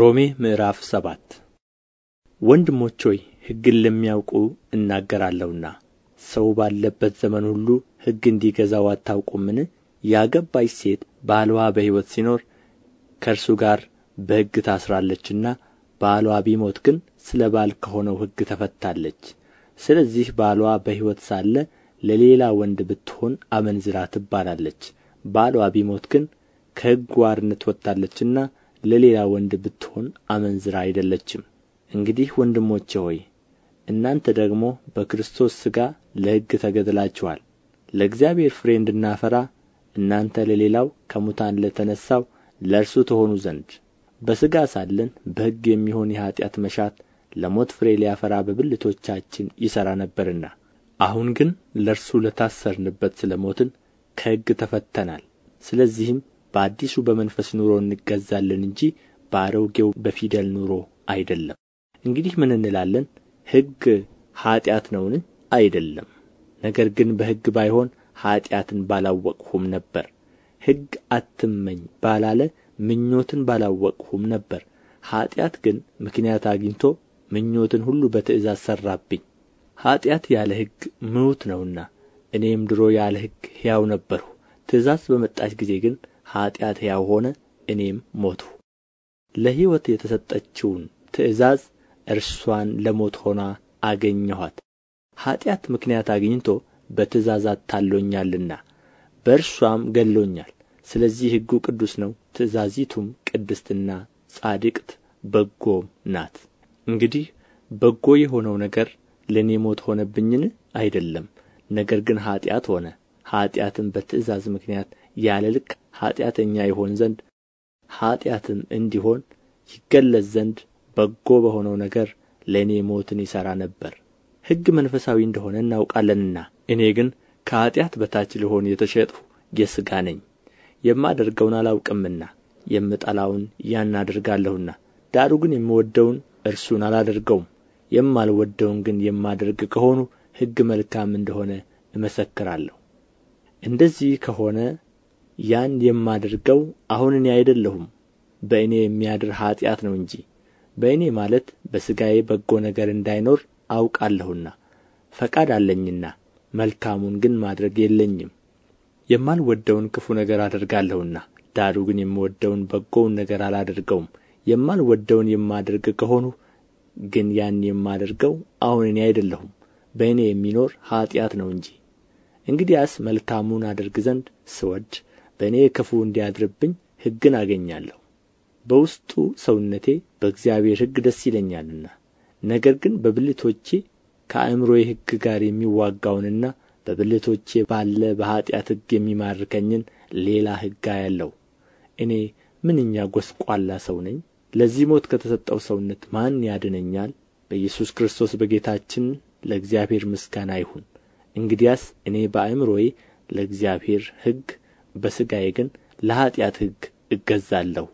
ሮሜ ምዕራፍ ሰባት ወንድሞች ሆይ ሕግን ለሚያውቁ እናገራለሁና ሰው ባለበት ዘመን ሁሉ ሕግ እንዲገዛው አታውቁምን ያገባች ሴት ባልዋ በሕይወት ሲኖር ከእርሱ ጋር በሕግ ታስራለችና ባልዋ ቢሞት ግን ስለ ባል ከሆነው ሕግ ተፈታለች ስለዚህ ባልዋ በሕይወት ሳለ ለሌላ ወንድ ብትሆን አመንዝራ ትባላለች ባልዋ ቢሞት ግን ከሕግ ዋርነት ወጥታለችና ለሌላ ወንድ ብትሆን አመንዝራ አይደለችም እንግዲህ ወንድሞቼ ሆይ እናንተ ደግሞ በክርስቶስ ሥጋ ለሕግ ተገድላችኋል ለእግዚአብሔር ፍሬ እንድናፈራ እናንተ ለሌላው ከሙታን ለተነሣው ለእርሱ ትሆኑ ዘንድ በሥጋ ሳለን በሕግ የሚሆን የኀጢአት መሻት ለሞት ፍሬ ሊያፈራ በብልቶቻችን ይሠራ ነበርና አሁን ግን ለእርሱ ለታሰርንበት ስለ ሞትን ከሕግ ተፈተናል። ስለዚህም በአዲሱ በመንፈስ ኑሮ እንገዛለን እንጂ በአሮጌው በፊደል ኑሮ አይደለም እንግዲህ ምን እንላለን ሕግ ኃጢአት ነውን አይደለም ነገር ግን በሕግ ባይሆን ኃጢአትን ባላወቅሁም ነበር ሕግ አትመኝ ባላለ ምኞትን ባላወቅሁም ነበር ኃጢአት ግን ምክንያት አግኝቶ ምኞትን ሁሉ በትእዛዝ ሠራብኝ ኃጢአት ያለ ሕግ ምውት ነውና እኔም ድሮ ያለ ሕግ ሕያው ነበርሁ ትእዛዝ በመጣች ጊዜ ግን ኃጢአት ሕያው ሆነ እኔም ሞትሁ ለሕይወት የተሰጠችውን ትእዛዝ እርሷን ለሞት ሆና አገኘኋት ኃጢአት ምክንያት አግኝቶ በትእዛዝ አታሎኛልና በእርሷም ገሎኛል ስለዚህ ሕጉ ቅዱስ ነው ትእዛዚቱም ቅድስትና ጻድቅት በጎም ናት እንግዲህ በጎ የሆነው ነገር ለእኔ ሞት ሆነብኝን አይደለም ነገር ግን ኃጢአት ሆነ ኃጢአትም በትእዛዝ ምክንያት ያለ ልክ ኃጢአተኛ ይሆን ዘንድ ኃጢአትም እንዲሆን ይገለጽ ዘንድ በጎ በሆነው ነገር ለእኔ ሞትን ይሠራ ነበር ሕግ መንፈሳዊ እንደሆነ እናውቃለንና እኔ ግን ከኃጢአት በታች ልሆን የተሸጥሁ የሥጋ ነኝ የማደርገውን አላውቅምና የምጠላውን ያን አደርጋለሁና ዳሩ ግን የምወደውን እርሱን አላደርገውም የማልወደውን ግን የማደርግ ከሆኑ ሕግ መልካም እንደሆነ እመሰክራለሁ እንደዚህ ከሆነ ያን የማደርገው አሁን እኔ አይደለሁም በእኔ የሚያድር ኃጢአት ነው እንጂ በእኔ ማለት በሥጋዬ በጎ ነገር እንዳይኖር አውቃለሁና ፈቃድ አለኝና መልካሙን ግን ማድረግ የለኝም የማልወደውን ክፉ ነገር አደርጋለሁና ዳሩ ግን የምወደውን በጎውን ነገር አላደርገውም የማልወደውን የማደርግ ከሆኑ ግን ያን የማደርገው አሁን እኔ አይደለሁም በእኔ የሚኖር ኃጢአት ነው እንጂ እንግዲያስ መልካሙን አደርግ ዘንድ ስወድ በእኔ ክፉ እንዲያድርብኝ ሕግን አገኛለሁ በውስጡ ሰውነቴ በእግዚአብሔር ሕግ ደስ ይለኛልና ነገር ግን በብልቶቼ ከአእምሮዬ ሕግ ጋር የሚዋጋውንና በብልቶቼ ባለ በኀጢአት ሕግ የሚማርከኝን ሌላ ሕግ አያለሁ እኔ ምንኛ ጐስቋላ ሰው ነኝ ለዚህ ሞት ከተሰጠው ሰውነት ማን ያድነኛል በኢየሱስ ክርስቶስ በጌታችን ለእግዚአብሔር ምስጋና ይሁን እንግዲያስ እኔ በአእምሮዬ ለእግዚአብሔር ሕግ በሥጋዬ ግን ለኃጢአት ሕግ እገዛለሁ